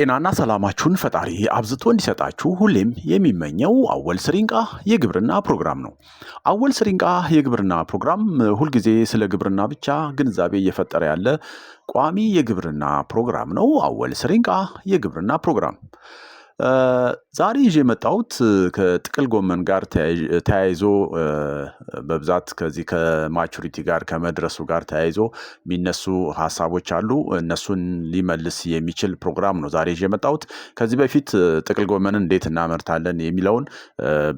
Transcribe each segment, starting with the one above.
ጤናና ሰላማችሁን ፈጣሪ አብዝቶ እንዲሰጣችሁ ሁሌም የሚመኘው አወል ስሪንቃ የግብርና ፕሮግራም ነው። አወል ስሪንቃ የግብርና ፕሮግራም ሁልጊዜ ስለ ግብርና ብቻ ግንዛቤ እየፈጠረ ያለ ቋሚ የግብርና ፕሮግራም ነው። አወል ስሪንቃ የግብርና ፕሮግራም ዛሬ ይዤ የመጣሁት ከጥቅል ጎመን ጋር ተያይዞ በብዛት ከዚህ ከማቹሪቲ ጋር ከመድረሱ ጋር ተያይዞ የሚነሱ ሀሳቦች አሉ። እነሱን ሊመልስ የሚችል ፕሮግራም ነው ዛሬ ይዤ የመጣሁት። ከዚህ በፊት ጥቅል ጎመንን እንዴት እናመርታለን የሚለውን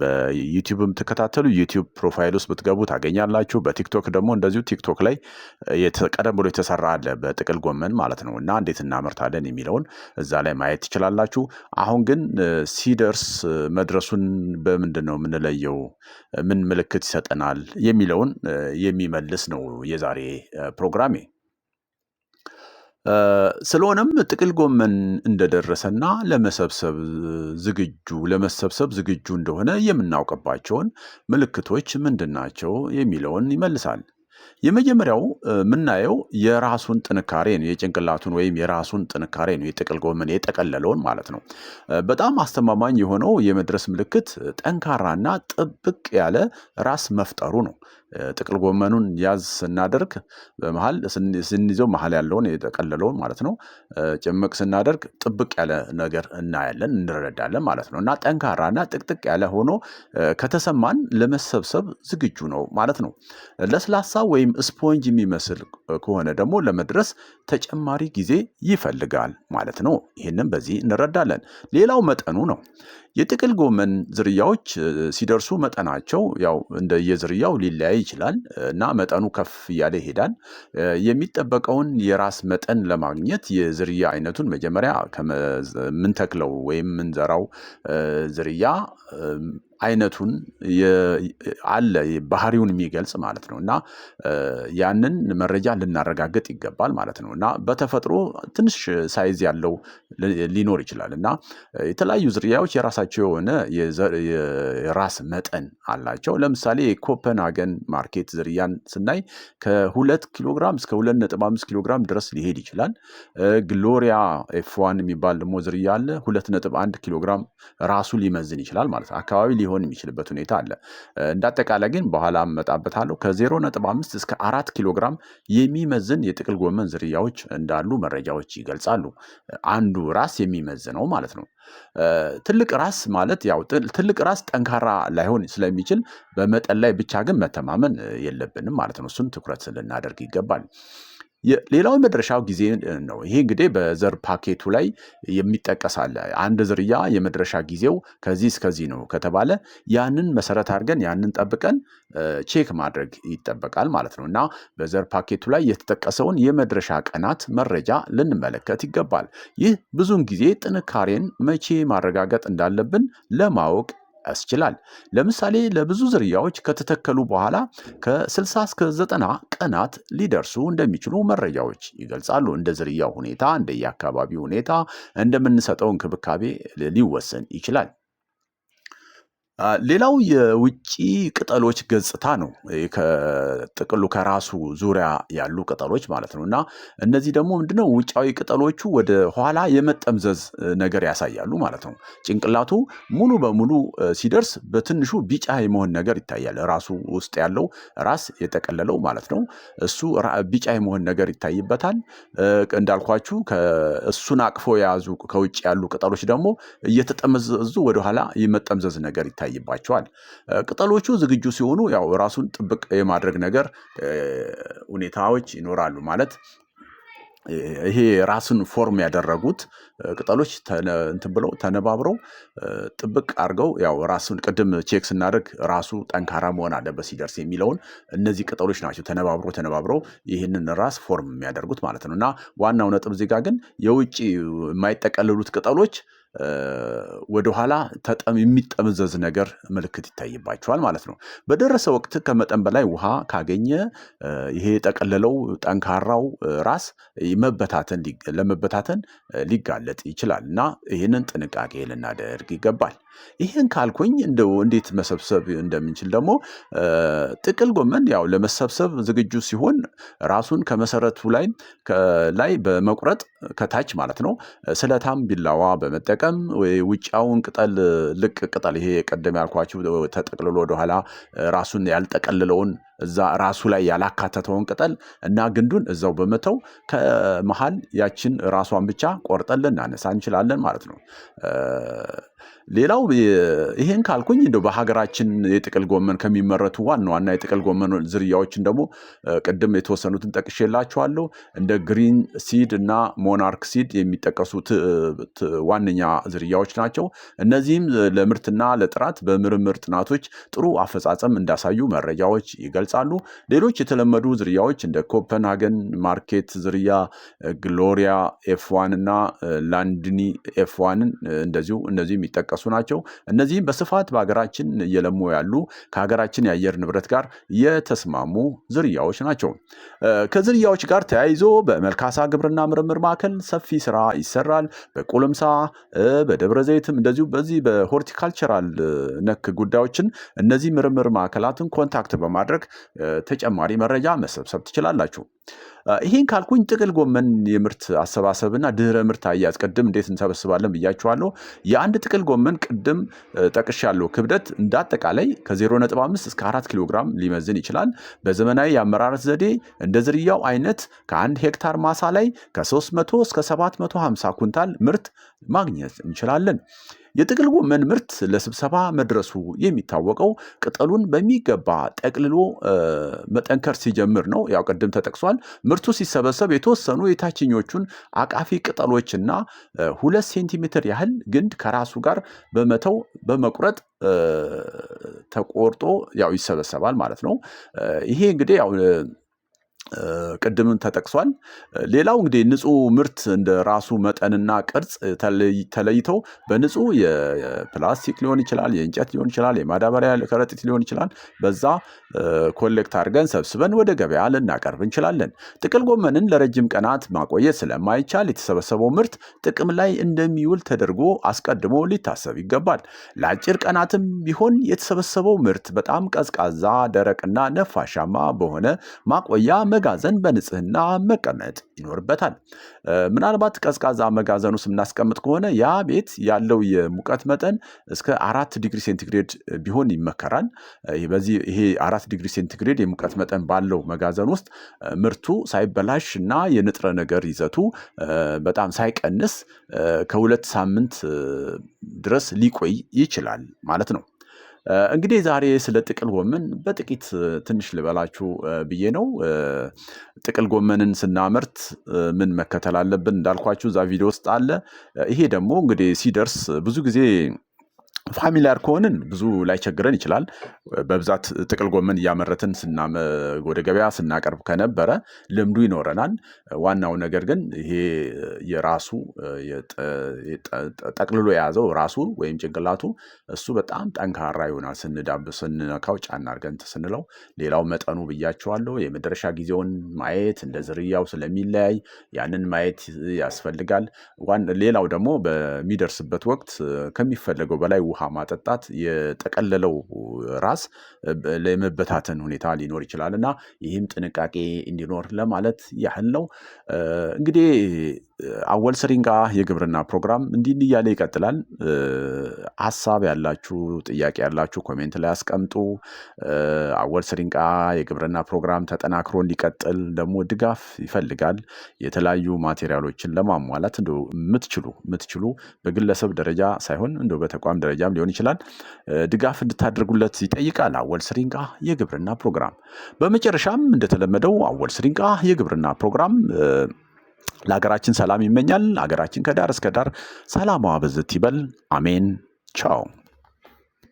በዩቲዩብ የምትከታተሉ ዩቲዩብ ፕሮፋይል ውስጥ ብትገቡ ታገኛላችሁ። በቲክቶክ ደግሞ እንደዚሁ ቲክቶክ ላይ ቀደም ብሎ የተሰራ አለ በጥቅል ጎመን ማለት ነው እና እንዴት እናመርታለን የሚለውን እዛ ላይ ማየት ትችላላችሁ። አሁን ግን ሲደርስ መድረሱን በምንድን ነው የምንለየው? ምን ምልክት ይሰጠናል? የሚለውን የሚመልስ ነው የዛሬ ፕሮግራሜ። ስለሆነም ጥቅል ጎመን እንደደረሰና ለመሰብሰብ ዝግጁ ለመሰብሰብ ዝግጁ እንደሆነ የምናውቅባቸውን ምልክቶች ምንድን ናቸው የሚለውን ይመልሳል። የመጀመሪያው የምናየው የራሱን ጥንካሬ ነው የጭንቅላቱን ወይም የራሱን ጥንካሬ ነው የጥቅል ጎመን የጠቀለለውን ማለት ነው። በጣም አስተማማኝ የሆነው የመድረስ ምልክት ጠንካራና ጥብቅ ያለ ራስ መፍጠሩ ነው። ጥቅል ጎመኑን ያዝ ስናደርግ በመሃል ስንይዘው መሀል ያለውን የጠቀለለውን ማለት ነው ጭምቅ ስናደርግ ጥብቅ ያለ ነገር እናያለን እንረዳለን ማለት ነው። እና ጠንካራና ጥቅጥቅ ያለ ሆኖ ከተሰማን ለመሰብሰብ ዝግጁ ነው ማለት ነው። ለስላሳ ወይም ስፖንጅ የሚመስል ከሆነ ደግሞ ለመድረስ ተጨማሪ ጊዜ ይፈልጋል ማለት ነው። ይህንም በዚህ እንረዳለን። ሌላው መጠኑ ነው። የጥቅል ጎመን ዝርያዎች ሲደርሱ መጠናቸው ያው እንደየዝርያው ሊለያይ ይችላል እና መጠኑ ከፍ እያለ ይሄዳል። የሚጠበቀውን የራስ መጠን ለማግኘት የዝርያ አይነቱን መጀመሪያ ከምንተክለው ወይም ምንዘራው ዝርያ አይነቱን አለ ባህሪውን የሚገልጽ ማለት ነው እና ያንን መረጃ ልናረጋግጥ ይገባል ማለት ነው እና በተፈጥሮ ትንሽ ሳይዝ ያለው ሊኖር ይችላል እና የተለያዩ ዝርያዎች የራሳቸው የሆነ የራስ መጠን አላቸው። ለምሳሌ የኮፐንሃገን ማርኬት ዝርያን ስናይ ከሁለት ኪሎግራም እስከ ሁለት ነጥብ አምስት ኪሎግራም ድረስ ሊሄድ ይችላል። ግሎሪያ ኤፍ ዋን የሚባል ደግሞ ዝርያ አለ ሁለት ነጥብ አንድ ኪሎግራም ራሱ ሊመዝን ይችላል ማለት ነው አካባቢ ሊሆን የሚችልበት ሁኔታ አለ። እንዳጠቃላይ ግን በኋላ እመጣበታለሁ። ከዜሮ ነጥብ አምስት እስከ አራት ኪሎ ግራም የሚመዝን የጥቅል ጎመን ዝርያዎች እንዳሉ መረጃዎች ይገልጻሉ። አንዱ ራስ የሚመዝነው ማለት ነው። ትልቅ ራስ ማለት ያው ትልቅ ራስ ጠንካራ ላይሆን ስለሚችል በመጠን ላይ ብቻ ግን መተማመን የለብንም ማለት ነው። እሱን ትኩረት ልናደርግ ይገባል። ሌላው መድረሻው ጊዜ ነው። ይሄ እንግዲህ በዘር ፓኬቱ ላይ የሚጠቀስ አለ። አንድ ዝርያ የመድረሻ ጊዜው ከዚህ እስከዚህ ነው ከተባለ ያንን መሰረት አድርገን ያንን ጠብቀን ቼክ ማድረግ ይጠበቃል ማለት ነው እና በዘር ፓኬቱ ላይ የተጠቀሰውን የመድረሻ ቀናት መረጃ ልንመለከት ይገባል። ይህ ብዙውን ጊዜ ጥንካሬን መቼ ማረጋገጥ እንዳለብን ለማወቅ ያስችላል። ለምሳሌ ለብዙ ዝርያዎች ከተተከሉ በኋላ ከ60 እስከ 90 ቀናት ሊደርሱ እንደሚችሉ መረጃዎች ይገልጻሉ። እንደ ዝርያው ሁኔታ፣ እንደየአካባቢው ሁኔታ እንደምንሰጠው እንክብካቤ ሊወሰን ይችላል። ሌላው የውጭ ቅጠሎች ገጽታ ነው። ከጥቅሉ ከራሱ ዙሪያ ያሉ ቅጠሎች ማለት ነው። እና እነዚህ ደግሞ ምንድነው ውጫዊ ቅጠሎቹ ወደ ኋላ የመጠምዘዝ ነገር ያሳያሉ ማለት ነው። ጭንቅላቱ ሙሉ በሙሉ ሲደርስ በትንሹ ቢጫ የመሆን ነገር ይታያል። ራሱ ውስጥ ያለው ራስ የጠቀለለው ማለት ነው። እሱ ቢጫ የመሆን ነገር ይታይበታል። እንዳልኳችሁ እሱን አቅፎ የያዙ ከውጭ ያሉ ቅጠሎች ደግሞ እየተጠመዘዙ ወደኋላ የመጠምዘዝ ነገር ይታያል ይታይባቸዋል። ቅጠሎቹ ዝግጁ ሲሆኑ ያው ራሱን ጥብቅ የማድረግ ነገር ሁኔታዎች ይኖራሉ ማለት ይሄ ራስን ፎርም ያደረጉት ቅጠሎች እንትን ብለው ተነባብረው ጥብቅ አድርገው ያው ራሱን ቅድም ቼክ ስናደርግ ራሱ ጠንካራ መሆን አለበት ሲደርስ የሚለውን እነዚህ ቅጠሎች ናቸው ተነባብረው ተነባብረው ይህንን ራስ ፎርም የሚያደርጉት ማለት ነው። እና ዋናው ነጥብ ዜጋ ግን የውጭ የማይጠቀልሉት ቅጠሎች ወደኋላ የሚጠመዘዝ ነገር ምልክት ይታይባቸዋል ማለት ነው። በደረሰ ወቅት ከመጠን በላይ ውሃ ካገኘ ይሄ የጠቀለለው ጠንካራው ራስ ለመበታተን ሊጋለጥ ይችላል እና ይህንን ጥንቃቄ ልናደርግ ይገባል። ይህን ካልኩኝ እንደው እንዴት መሰብሰብ እንደምንችል ደግሞ ጥቅል ጎመን ያው ለመሰብሰብ ዝግጁ ሲሆን ራሱን ከመሰረቱ ላይ ላይ በመቁረጥ ከታች ማለት ነው ስለታም ቢላዋ በመጠቀም በመጠቀም ውጫውን ቅጠል ልቅ ቅጠል ይሄ ቀደም ያልኳችሁ ተጠቅልሎ ወደኋላ ራሱን ያልጠቀልለውን እዛ ራሱ ላይ ያላካተተውን ቅጠል እና ግንዱን እዛው በመተው ከመሃል ያችን ራሷን ብቻ ቆርጠን ልናነሳ እንችላለን ማለት ነው። ሌላው ይህን ካልኩኝ እንደው በሀገራችን የጥቅል ጎመን ከሚመረቱ ዋና ዋና የጥቅል ጎመን ዝርያዎችን ደግሞ ቅድም የተወሰኑትን ጠቅሼላችኋለሁ። እንደ ግሪን ሲድ እና ሞናርክ ሲድ የሚጠቀሱት ዋነኛ ዝርያዎች ናቸው። እነዚህም ለምርትና ለጥራት በምርምር ጥናቶች ጥሩ አፈጻጸም እንዳሳዩ መረጃዎች ይገልጻል። ይገልጻሉ። ሌሎች የተለመዱ ዝርያዎች እንደ ኮፐንሃገን ማርኬት ዝርያ፣ ግሎሪያ ኤፍዋን እና ላንድኒ ኤፍዋንን እንደዚሁ እነዚህ የሚጠቀሱ ናቸው። እነዚህም በስፋት በሀገራችን እየለሙ ያሉ ከሀገራችን የአየር ንብረት ጋር የተስማሙ ዝርያዎች ናቸው። ከዝርያዎች ጋር ተያይዞ በመልካሳ ግብርና ምርምር ማዕከል ሰፊ ስራ ይሰራል። በቁልምሳ በደብረ ዘይትም እንደዚሁ በዚህ በሆርቲካልቸራል ነክ ጉዳዮችን እነዚህ ምርምር ማዕከላትን ኮንታክት በማድረግ ተጨማሪ መረጃ መሰብሰብ ትችላላችሁ። ይህን ካልኩኝ ጥቅል ጎመን የምርት አሰባሰብና ድህረ ምርት አያያዝ ቅድም እንዴት እንሰበስባለን ብያችኋለሁ። የአንድ ጥቅል ጎመን ቅድም ጠቅሻለሁ ክብደት እንዳጠቃላይ ከ0.5 እስከ 4 ኪሎ ግራም ሊመዝን ይችላል። በዘመናዊ የአመራረት ዘዴ እንደ ዝርያው አይነት ከአንድ ሄክታር ማሳ ላይ ከ300 እስከ 750 ኩንታል ምርት ማግኘት እንችላለን። የጥቅል ጎመን ምርት ለስብሰባ መድረሱ የሚታወቀው ቅጠሉን በሚገባ ጠቅልሎ መጠንከር ሲጀምር ነው። ያው ቅድም ተጠቅሷል። ምርቱ ሲሰበሰብ የተወሰኑ የታችኞቹን አቃፊ ቅጠሎችና ሁለት ሴንቲሜትር ያህል ግንድ ከራሱ ጋር በመተው በመቁረጥ ተቆርጦ ያው ይሰበሰባል ማለት ነው። ይሄ እንግዲህ ያው ቅድምም ተጠቅሷል። ሌላው እንግዲህ ንጹህ ምርት እንደ ራሱ መጠንና ቅርጽ ተለይቶ በንጹህ የፕላስቲክ ሊሆን ይችላል፣ የእንጨት ሊሆን ይችላል፣ የማዳበሪያ ከረጢት ሊሆን ይችላል። በዛ ኮሌክት አድርገን ሰብስበን ወደ ገበያ ልናቀርብ እንችላለን። ጥቅል ጎመንን ለረጅም ቀናት ማቆየት ስለማይቻል የተሰበሰበው ምርት ጥቅም ላይ እንደሚውል ተደርጎ አስቀድሞ ሊታሰብ ይገባል። ለአጭር ቀናትም ቢሆን የተሰበሰበው ምርት በጣም ቀዝቃዛ፣ ደረቅና ነፋሻማ በሆነ ማቆያ መጋዘን በንጽህና መቀመጥ ይኖርበታል። ምናልባት ቀዝቃዛ መጋዘን ውስጥ የምናስቀምጥ ከሆነ ያ ቤት ያለው የሙቀት መጠን እስከ አራት ዲግሪ ሴንቲግሬድ ቢሆን ይመከራል። በዚህ ይሄ አራት ዲግሪ ሴንቲግሬድ የሙቀት መጠን ባለው መጋዘን ውስጥ ምርቱ ሳይበላሽ እና የንጥረ ነገር ይዘቱ በጣም ሳይቀንስ ከሁለት ሳምንት ድረስ ሊቆይ ይችላል ማለት ነው። እንግዲህ ዛሬ ስለ ጥቅል ጎመን በጥቂት ትንሽ ልበላችሁ ብዬ ነው። ጥቅል ጎመንን ስናመርት ምን መከተል አለብን እንዳልኳችሁ እዛ ቪዲዮ ውስጥ አለ። ይሄ ደግሞ እንግዲህ ሲደርስ ብዙ ጊዜ ፋሚሊያር ከሆንን ብዙ ላይቸግረን ይችላል። በብዛት ጥቅል ጎመን እያመረትን ወደ ገበያ ስናቀርብ ከነበረ ልምዱ ይኖረናል። ዋናው ነገር ግን ይሄ የራሱ ጠቅልሎ የያዘው ራሱ ወይም ጭንቅላቱ እሱ በጣም ጠንካራ ይሆናል። ስንዳብ ስንነካው ጫና አድርገን ስንለው ሌላው መጠኑ ብያቸዋለሁ። የመድረሻ ጊዜውን ማየት እንደ ዝርያው ስለሚለያይ ያንን ማየት ያስፈልጋል። ሌላው ደግሞ በሚደርስበት ወቅት ከሚፈለገው በላይ ውሃ ውሃ ማጠጣት የጠቀለለው ራስ ለመበታተን ሁኔታ ሊኖር ይችላል እና ይህም ጥንቃቄ እንዲኖር ለማለት ያህል ነው። እንግዲህ አወል ስሪንጋ የግብርና ፕሮግራም እንዲህ እያለ ይቀጥላል። ሀሳብ ያላችሁ ጥያቄ ያላችሁ ኮሜንት ላይ አስቀምጡ። አወል ስሪንጋ የግብርና ፕሮግራም ተጠናክሮ እንዲቀጥል ደግሞ ድጋፍ ይፈልጋል። የተለያዩ ማቴሪያሎችን ለማሟላት እንደው የምትችሉ የምትችሉ በግለሰብ ደረጃ ሳይሆን እንደው በተቋም ደረጃ ፕሮግራም ሊሆን ይችላል ድጋፍ እንድታደርጉለት ይጠይቃል። አወል ስሪንቃ የግብርና ፕሮግራም። በመጨረሻም እንደተለመደው አወል ስሪንቃ የግብርና ፕሮግራም ለሀገራችን ሰላም ይመኛል። ሀገራችን ከዳር እስከ ዳር ሰላማዋ ብዝት ይበል። አሜን። ቻው